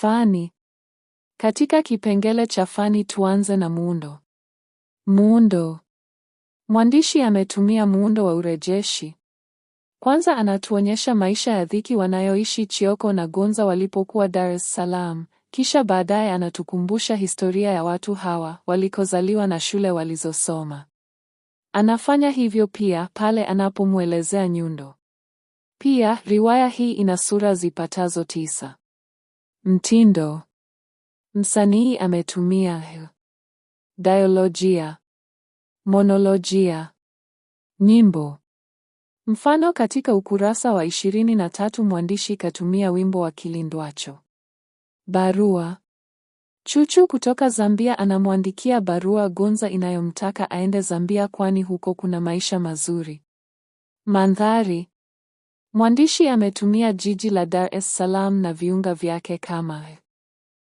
Fani. Katika kipengele cha fani tuanze na muundo. Muundo. Mwandishi ametumia muundo wa urejeshi. Kwanza anatuonyesha maisha ya dhiki wanayoishi Chioko na Gonza walipokuwa Dar es Salaam, kisha baadaye anatukumbusha historia ya watu hawa, walikozaliwa na shule walizosoma. Anafanya hivyo pia pale anapomwelezea Nyundo. Pia riwaya hii ina sura zipatazo tisa. Mtindo: msanii ametumia dialogia, monologia, monolojia. Nyimbo: mfano katika ukurasa wa ishirini na tatu mwandishi katumia wimbo wa Kilindwacho. Barua: Chuchu kutoka Zambia anamwandikia barua Gonza inayomtaka aende Zambia kwani huko kuna maisha mazuri. Mandhari: Mwandishi ametumia jiji la Dar es Salaam na viunga vyake kama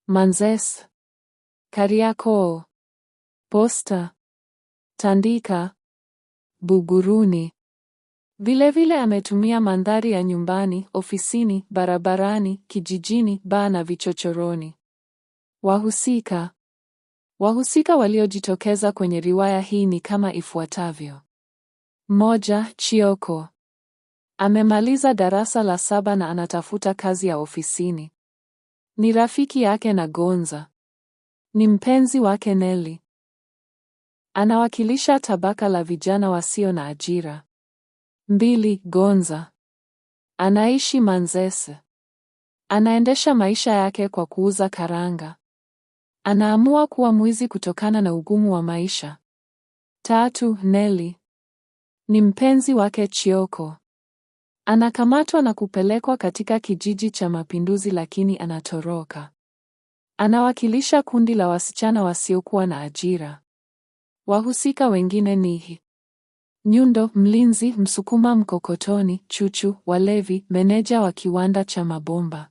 Manzese, Kariakoo, Posta, Tandika, Buguruni. Vilevile ametumia mandhari ya nyumbani, ofisini, barabarani, kijijini, baa na vichochoroni. Wahusika. Wahusika waliojitokeza kwenye riwaya hii ni kama ifuatavyo: moja, Chioko Amemaliza darasa la saba na anatafuta kazi ya ofisini. Ni rafiki yake na Gonza. Ni mpenzi wake Nelly. Anawakilisha tabaka la vijana wasio na ajira. Mbili, Gonza. Anaishi Manzese. Anaendesha maisha yake kwa kuuza karanga. Anaamua kuwa mwizi kutokana na ugumu wa maisha. Tatu, Nelly. Ni mpenzi wake Chioko. Anakamatwa na kupelekwa katika kijiji cha mapinduzi lakini anatoroka. Anawakilisha kundi la wasichana wasiokuwa na ajira. Wahusika wengine ni Nyundo, mlinzi, msukuma mkokotoni, Chuchu, walevi, meneja wa kiwanda cha mabomba.